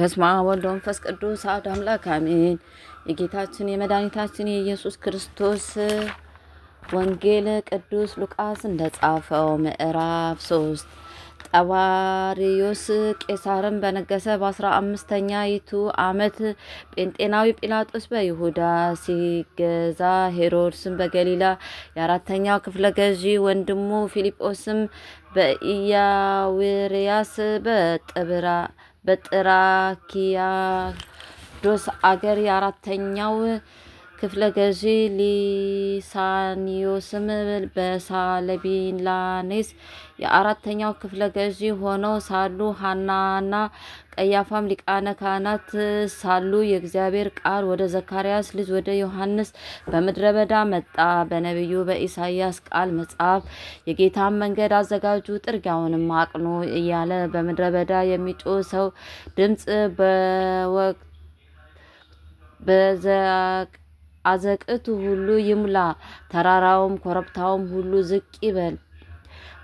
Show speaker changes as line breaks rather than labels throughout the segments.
በስመ አብ ወወልድ ወመንፈስ ቅዱስ አሐዱ አምላክ አሜን። የጌታችን የመድኃኒታችን የኢየሱስ ክርስቶስ ወንጌል ቅዱስ ሉቃስ እንደጻፈው ምዕራፍ ሶስት ጠባሪዮስ ቄሳርን በነገሰ በአስራ አምስተኛ ይቱ ዓመት ጴንጤናዊ ጲላጦስ በይሁዳ ሲገዛ ሄሮድስም በገሊላ የአራተኛው ክፍለ ገዢ ወንድሙ ፊልጶስም በኢያዊርያስ በጥብራ በጥራኪያዶስ አገር የአራተኛው ክፍለ ገዢ ሊሳኒዮስም በሳለቢላኔስ የአራተኛው ክፍለ ገዢ ሆነው ሳሉ ሀናና ቀያፋም ሊቃነ ካህናት ሳሉ የእግዚአብሔር ቃል ወደ ዘካርያስ ልጅ ወደ ዮሐንስ በምድረ በዳ መጣ። በነቢዩ በኢሳይያስ ቃል መጽሐፍ የጌታን መንገድ አዘጋጁ፣ ጥርጊያውንም አቅኑ እያለ በምድረ በዳ የሚጮህ ሰው ድምፅ በዘቅ አዘቅቱ ሁሉ ይሙላ፣ ተራራውም ኮረብታውም ሁሉ ዝቅ ይበል።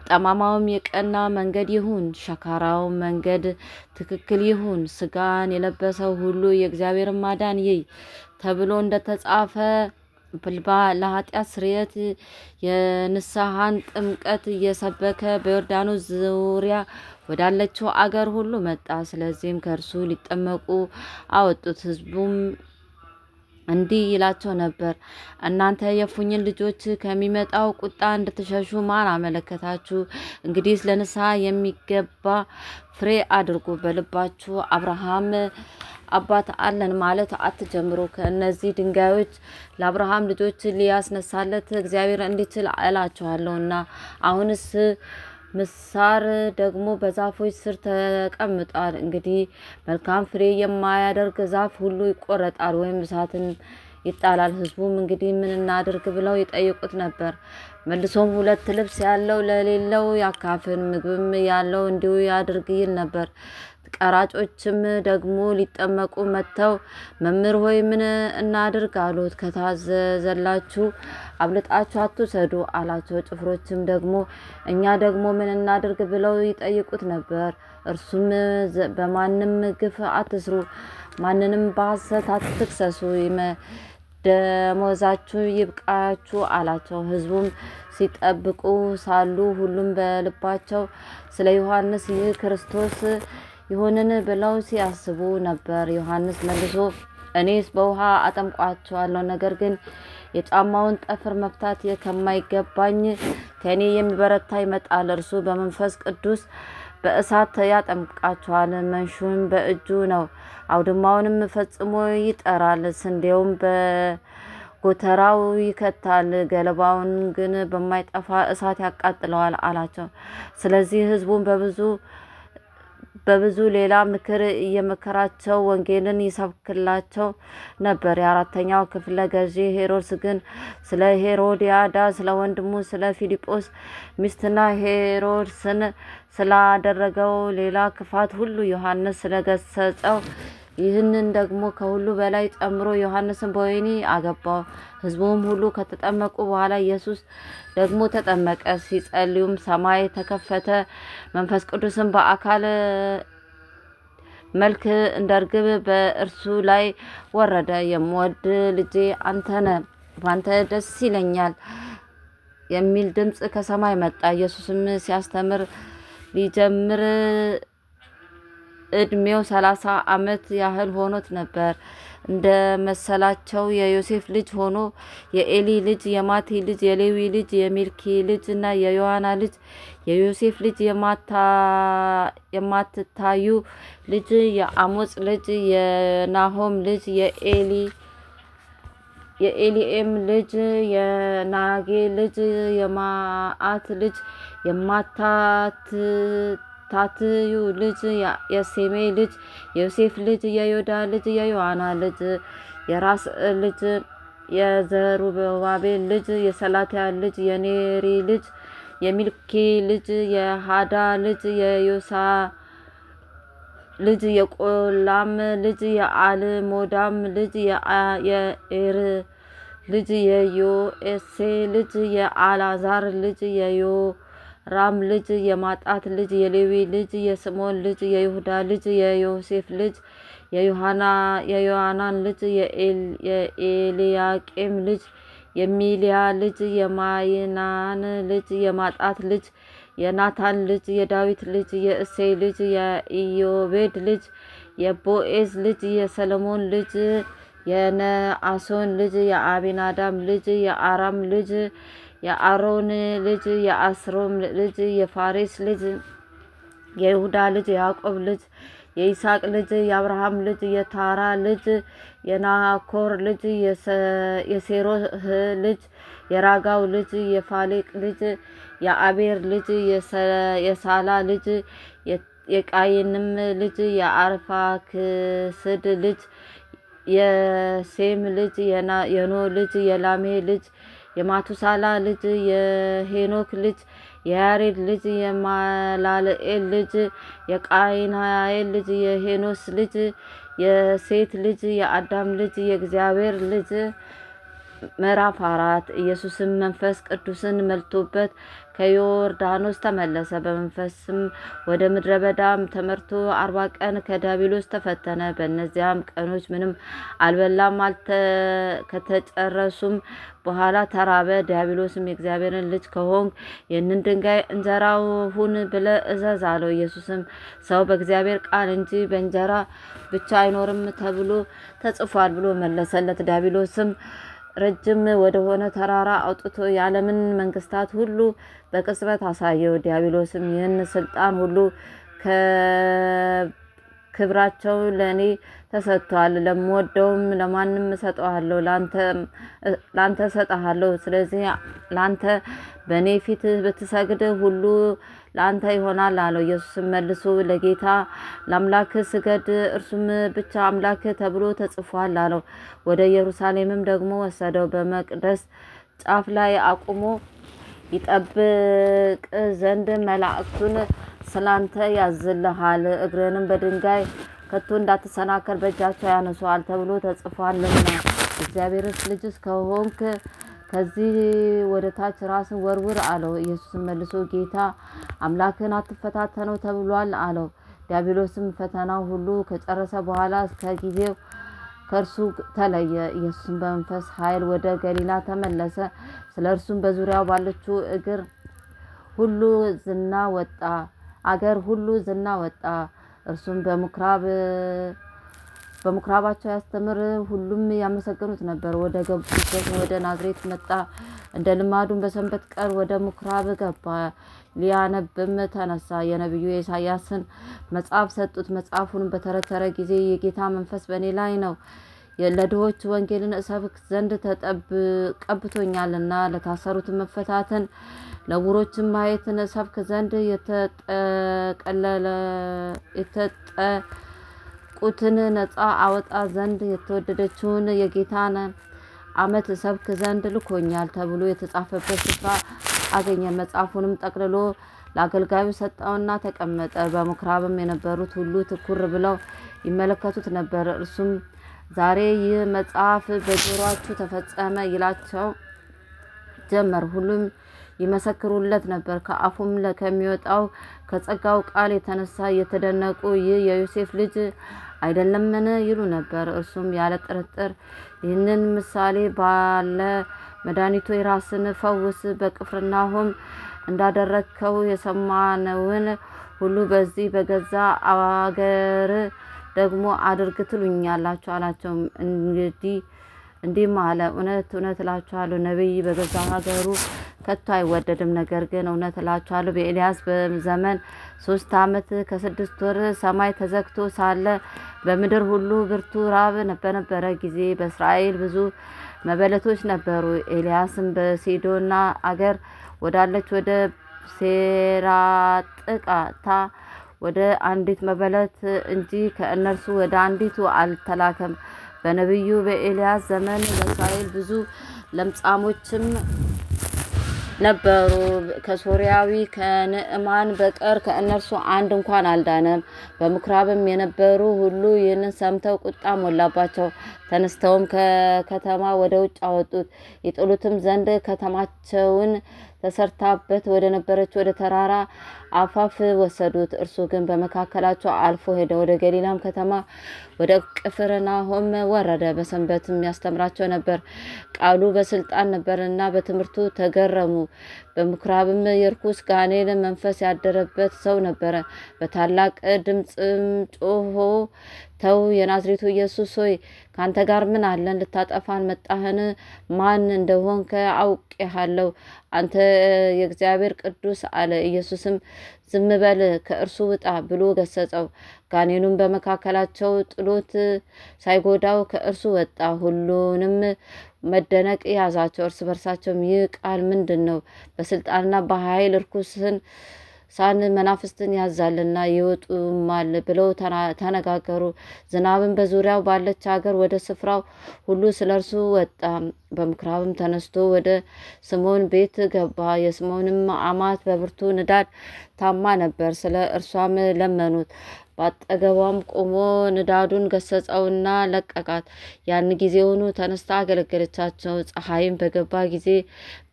ጠማማውም የቀና መንገድ ይሁን፣ ሸካራውም መንገድ ትክክል ይሁን። ስጋን የለበሰው ሁሉ የእግዚአብሔር ማዳን ይይ ተብሎ እንደተጻፈ ብልባ ለኃጢአት ስርየት የንስሐን ጥምቀት እየሰበከ በዮርዳኖስ ዙሪያ ወዳለችው አገር ሁሉ መጣ። ስለዚህም ከእርሱ ሊጠመቁ አወጡት። ህዝቡም። እንዲህ ይላቸው ነበር፣ እናንተ የፉኝን ልጆች ከሚመጣው ቁጣ እንድትሸሹ ማን አመለከታችሁ? እንግዲህ ለንስሐ የሚገባ ፍሬ አድርጉ። በልባችሁ አብርሃም አባት አለን ማለት አትጀምሩ። ከእነዚህ ድንጋዮች ለአብርሃም ልጆች ሊያስነሳለት እግዚአብሔር እንዲችል እና አሁንስ ምሳር ደግሞ በዛፎች ስር ተቀምጧል። እንግዲህ መልካም ፍሬ የማያደርግ ዛፍ ሁሉ ይቆረጣል ወይም እሳትን ይጣላል። ህዝቡም እንግዲህ ምን እናድርግ ብለው ይጠይቁት ነበር። መልሶም ሁለት ልብስ ያለው ለሌለው ያካፍን፣ ምግብም ያለው እንዲሁ ያድርግ ይል ነበር። ቀራጮችም ደግሞ ሊጠመቁ መጥተው መምህር ሆይ ምን እናድርግ አሉት። ከታዘዘላችሁ አብልጣችሁ አትውሰዱ አላቸው። ጭፍሮችም ደግሞ እኛ ደግሞ ምን እናድርግ ብለው ይጠይቁት ነበር። እርሱም በማንም ግፍ አትስሩ፣ ማንንም በሐሰት አትክሰሱ፣ ደሞዛችሁ ይብቃችሁ አላቸው። ህዝቡም ሲጠብቁ ሳሉ ሁሉም በልባቸው ስለ ዮሐንስ ይህ ክርስቶስ ይሆንን ብለው ሲያስቡ ነበር። ዮሐንስ መልሶ እኔስ በውሃ አጠምቋቸዋለሁ፣ ነገር ግን የጫማውን ጠፍር መፍታት ከማይገባኝ ከእኔ የሚበረታ ይመጣል፣ እርሱ በመንፈስ ቅዱስ በእሳት ያጠምቃቸዋል። መንሹን በእጁ ነው፣ አውድማውንም ፈጽሞ ይጠራል፣ ስንዴውም በጎተራው ይከታል፣ ገለባውን ግን በማይጠፋ እሳት ያቃጥለዋል አላቸው። ስለዚህ ሕዝቡን በብዙ በብዙ ሌላ ምክር እየመከራቸው ወንጌልን ይሰብክላቸው ነበር። የአራተኛው ክፍለ ገዢ ሄሮድስ ግን ስለ ሄሮዲያዳ፣ ስለ ወንድሙ ስለ ፊልጶስ ሚስትና ሄሮድስን ስላደረገው ሌላ ክፋት ሁሉ ዮሐንስ ስለገሰጸው ይህንን ደግሞ ከሁሉ በላይ ጨምሮ ዮሐንስን በወህኒ አገባው። ህዝቡም ሁሉ ከተጠመቁ በኋላ ኢየሱስ ደግሞ ተጠመቀ። ሲጸልዩም ሰማይ ተከፈተ፣ መንፈስ ቅዱስም በአካል መልክ እንደ ርግብ በእርሱ ላይ ወረደ። የምወድ ልጄ አንተነ በአንተ ደስ ይለኛል የሚል ድምፅ ከሰማይ መጣ። ኢየሱስም ሲያስተምር ሊጀምር እድሜው ሰላሳ አመት ያህል ሆኖት ነበር። እንደ መሰላቸው የዮሴፍ ልጅ ሆኖ የኤሊ ልጅ፣ የማቲ ልጅ፣ የሌዊ ልጅ፣ የሚልኪ ልጅ እና የዮሐና ልጅ የዮሴፍ ልጅ የማትታዩ ልጅ የአሞጽ ልጅ የናሆም ልጅ የኤሊ የኤሊኤም ልጅ የናጌ ልጅ የማአት ልጅ የማታት ታትዩ ልጅ የሴሜ ልጅ የዮሴፍ ልጅ የዮዳ ልጅ የዮሐና ልጅ የራስ ልጅ የዘሩባቤል ልጅ የሰላትያ ልጅ የኔሪ ልጅ የሚልኪ ልጅ የሃዳ ልጅ የዮሳ ልጅ የቆላም ልጅ የአልሞዳም ልጅ የኤር ልጅ የዮኤሴ ልጅ የአላዛር ልጅ የዮ ራም ልጅ የማጣት ልጅ የሌዊ ልጅ የስምዖን ልጅ የይሁዳ ልጅ የዮሴፍ ልጅ የዮሐናን ልጅ የኤልያቄም ልጅ የሚልያ ልጅ የማይናን ልጅ የማጣት ልጅ የናታን ልጅ የዳዊት ልጅ የእሴይ ልጅ የኢዮቤድ ልጅ የቦኤዝ ልጅ የሰለሞን ልጅ የነአሶን ልጅ የአቢናዳም ልጅ የአራም ልጅ የአሮን ልጅ የአስሮም ልጅ የፋሬስ ልጅ የይሁዳ ልጅ የያዕቆብ ልጅ የይስሐቅ ልጅ የአብርሃም ልጅ የታራ ልጅ የናኮር ልጅ የሴሮህ ልጅ የራጋው ልጅ የፋሌቅ ልጅ የአቤር ልጅ የሳላ ልጅ የቃይንም ልጅ የአርፋክስድ ልጅ የሴም ልጅ የኖ ልጅ የላሜ ልጅ የማቱሳላ ልጅ የሄኖክ ልጅ የያሬድ ልጅ የማላልኤል ልጅ የቃይናኤል ልጅ የሄኖስ ልጅ የሴት ልጅ የአዳም ልጅ የእግዚአብሔር ልጅ ምዕራፍ አራት ኢየሱስን መንፈስ ቅዱስን መልቶበት ከዮርዳኖስ ተመለሰ። በመንፈስም ወደ ምድረ በዳም ተመርቶ አርባ ቀን ከዳቢሎስ ተፈተነ። በእነዚያም ቀኖች ምንም አልበላም፣ ከተጨረሱም በኋላ ተራበ። ዲያብሎስም የእግዚአብሔርን ልጅ ከሆንክ ይህንን ድንጋይ እንጀራሁን ብለ እዘዝ አለው። ኢየሱስም ሰው በእግዚአብሔር ቃል እንጂ በእንጀራ ብቻ አይኖርም ተብሎ ተጽፏል ብሎ መለሰለት። ዲያብሎስም ረጅም ወደሆነ ተራራ አውጥቶ የዓለምን መንግስታት ሁሉ በቅጽበት አሳየው። ዲያብሎስም ይህን ስልጣን ሁሉ ክብራቸው ለእኔ ተሰጥቷል። ለምወደውም ለማንም እሰጠዋለሁ፣ ለአንተ እሰጠሃለሁ። ስለዚህ ለአንተ በእኔ ፊት ብትሰግድ ሁሉ ለአንተ ይሆናል አለው። ኢየሱስም መልሶ ለጌታ ለአምላክ ስገድ፣ እርሱም ብቻ አምላክ ተብሎ ተጽፏል አለው። ወደ ኢየሩሳሌምም ደግሞ ወሰደው በመቅደስ ጫፍ ላይ አቁሞ ይጠብቅ ዘንድ መላእክቱን ስላንተ ያዝልሃል። እግርንም በድንጋይ ከቶ እንዳትሰናከል በእጃቸው ያነሷል ተብሎ ተጽፏልና። እግዚአብሔርስ ልጅስ ከሆንክ ከዚህ ወደ ታች ራስን ወርውር አለው። ኢየሱስ መልሶ ጌታ አምላክን አትፈታተነው ተብሏል አለው። ዲያብሎስም ፈተናው ሁሉ ከጨረሰ በኋላ እስከ ጊዜው ከእርሱ ተለየ። ኢየሱስም በመንፈስ ኃይል ወደ ገሊላ ተመለሰ። ስለ እርሱም በዙሪያው ባለችው እግር ሁሉ ዝና ወጣ አገር ሁሉ ዝና ወጣ። እርሱም በምኩራብ በምኩራባቸው ያስተምር። ሁሉም ያመሰገኑት ነበር። ወደ ገቡት ወደ ናዝሬት መጣ። እንደ ልማዱን በሰንበት ቀን ወደ ምኩራብ ገባ። ሊያነብም ተነሳ። የነቢዩ የኢሳያስን መጽሐፍ ሰጡት። መጽሐፉንም በተረተረ ጊዜ የጌታ መንፈስ በእኔ ላይ ነው ለድሆች ወንጌልን እሰብክ ዘንድ ቀብቶኛልና ለታሰሩት መፈታትን፣ ለዕውሮችን ማየትን እሰብክ ዘንድ የተጠቀለለ ቁትን ነፃ አወጣ ዘንድ የተወደደችውን የጌታን ዓመት ሰብክ ዘንድ ልኮኛል ተብሎ የተጻፈበት ስፍራ አገኘ። መጽሐፉንም ጠቅልሎ ለአገልጋዩ ሰጠውና ተቀመጠ። በምኩራብም የነበሩት ሁሉ ትኩር ብለው ይመለከቱት ነበር። እርሱም ዛሬ ይህ መጽሐፍ በጆሯችሁ ተፈጸመ ይላቸው ጀመር። ሁሉም ይመሰክሩለት ነበር። ከአፉም ከሚወጣው ከጸጋው ቃል የተነሳ እየተደነቁ ይህ የዮሴፍ ልጅ አይደለምን? ይሉ ነበር። እርሱም ያለ ጥርጥር ይህንን ምሳሌ ባለ መድኃኒቱ የራስን ፈውስ በቅፍርናሆም እንዳደረግከው የሰማነውን ሁሉ በዚህ በገዛ አገር ደግሞ አድርግ ትሉኛላችሁ አላቸው። እንግዲህ እንዲህም አለ፣ እውነት እውነት እላችኋለሁ ነቢይ በገዛ ሀገሩ ከቶ አይወደድም። ነገር ግን እውነት እላችኋለሁ በኤልያስ ዘመን ሶስት ዓመት ከስድስት ወር ሰማይ ተዘግቶ ሳለ በምድር ሁሉ ብርቱ ራብ በነበረ ጊዜ በእስራኤል ብዙ መበለቶች ነበሩ። ኤልያስም በሲዶና አገር ወዳለች ወደ ሴራጥቃታ ወደ አንዲት መበለት እንጂ ከእነርሱ ወደ አንዲቱ አልተላከም። በነቢዩ በኤልያስ ዘመን በእስራኤል ብዙ ለምጻሞችም ነበሩ። ከሶርያዊ ከንዕማን በቀር ከእነርሱ አንድ እንኳን አልዳነም። በምኩራብም የነበሩ ሁሉ ይህንን ሰምተው ቁጣ ሞላባቸው። ተነስተውም ከከተማ ወደ ውጭ አወጡት። የጥሉትም ዘንድ ከተማቸውን ተሰርታበት ወደ ነበረች ወደ ተራራ አፋፍ ወሰዱት። እርሱ ግን በመካከላቸው አልፎ ሄደ። ወደ ገሊላም ከተማ ወደ ቅፍርናሆም ወረደ። በሰንበትም ያስተምራቸው ነበር። ቃሉ በስልጣን ነበርና በትምህርቱ ተገረሙ። በምኩራብም የርኩስ ጋኔን መንፈስ ያደረበት ሰው ነበረ። በታላቅ ድምፅም ጮሆ ተው የናዝሬቱ ኢየሱስ ሆይ ከአንተ ጋር ምን አለን? ልታጠፋን መጣህን? ማን እንደሆንከ አውቄሃለሁ፣ አንተ የእግዚአብሔር ቅዱስ አለ። ኢየሱስም ዝም በል ከእርሱ ውጣ ብሎ ገሰጸው። ጋኔኑም በመካከላቸው ጥሎት ሳይጎዳው ከእርሱ ወጣ። ሁሉንም መደነቅ ያዛቸው። እርስ በርሳቸውም ይህ ቃል ምንድን ነው? በስልጣንና በኃይል እርኩስን ሳን መናፍስትን ያዛልና ይወጡማል ብለው ተነጋገሩ። ዝናብን በዙሪያው ባለች ሀገር ወደ ስፍራው ሁሉ ስለ እርሱ ወጣ። በምኩራብም ተነስቶ ወደ ስምዖን ቤት ገባ። የስምዖንም አማት በብርቱ ንዳድ ታማ ነበር። ስለ እርሷም ለመኑት። በአጠገቧም ቆሞ ንዳዱን ገሰጸውና ለቀቃት። ያን ጊዜውኑ ተነስታ አገለገለቻቸው። ፀሐይም በገባ ጊዜ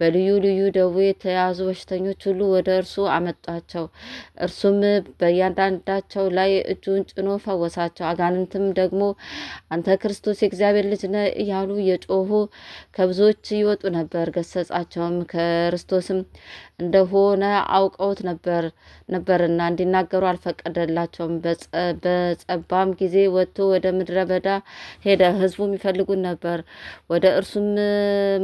በልዩ ልዩ ደዌ የተያዙ በሽተኞች ሁሉ ወደ እርሱ አመጧቸው። እርሱም በእያንዳንዳቸው ላይ እጁን ጭኖ ፈወሳቸው። አጋንንትም ደግሞ አንተ ክርስቶስ የእግዚአብሔር ልጅ ነህ እያሉ የጮሁ ከብዙዎች ይወጡ ነበር። ገሰጻቸውም ክርስቶስም እንደሆነ አውቀውት ነበር ነበርና እንዲናገሩ አልፈቀደላቸውም። በጸባም ጊዜ ወጥቶ ወደ ምድረ በዳ ሄደ። ሕዝቡም ይፈልጉን ነበር። ወደ እርሱም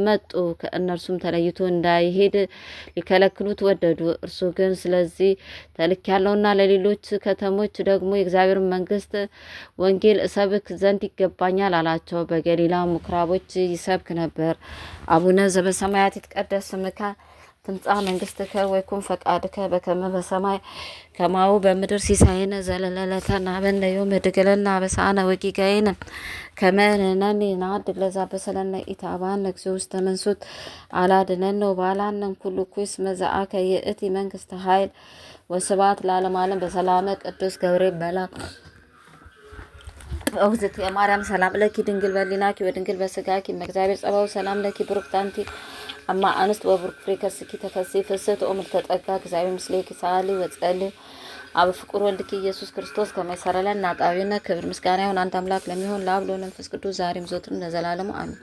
መጡ። ከእነርሱም ተለይቶ እንዳይሄድ ሊከለክሉት ወደዱ። እርሱ ግን ስለዚህ ተልክ ያለውና ለሌሎች ከተሞች ደግሞ የእግዚአብሔር መንግስት ወንጌል እሰብክ ዘንድ ይገባኛል አላቸው። በገሊላ ምኩራቦች ይሰብክ ነበር። አቡነ ዘበሰማያት ይትቀደስ ስምከ ትምጻእ መንግስትከ ወይኩን ፈቃድከ በከመ በሰማይ ከማሁ በምድር ሲሳይነ ዘለለዕለትነ ሀበነ ዮም ህድግ ለነ አበሳነ ወጌጋየነ ከመ ንሕነኒ ንአድግ ለዘአበሰለነ ኢታብአነ እግዚኦ ውስተ መንሱት አላድኅነነ ወባልሐነ ኩሉ እኩይ እስመ ዘአከ ይእቲ ኃይል ወስብሐት ለዓለመ ዓለም። በሰላመ ቅዱስ ገብርኤል መልአክ እግዝእትየ ማርያም ሰላም ለኪ ድንግል በሊናኪ ወድንግል በስጋኪ እም እግዚአብሔር ጸባኦት ሰላም ለኪ ብሩክት አንቲ አማ አንስት ወቡር ክፍሬ ከስኪ ተከሴ ፍስሕት ኦ ምልዕተ እግዚአብሔር ምስሌኪ ሳልይ ወጸልይ አብ ፍቁር ወልድኪ ኢየሱስ ክርስቶስ ከመይሰረለን ናጣዊነ ክብር ምስጋና ይሁን አንድ አምላክ ለሚሆን ለአብ ለመንፈስ ቅዱስ ዛሬም ዘወትርም ለዘላለሙ አሜን።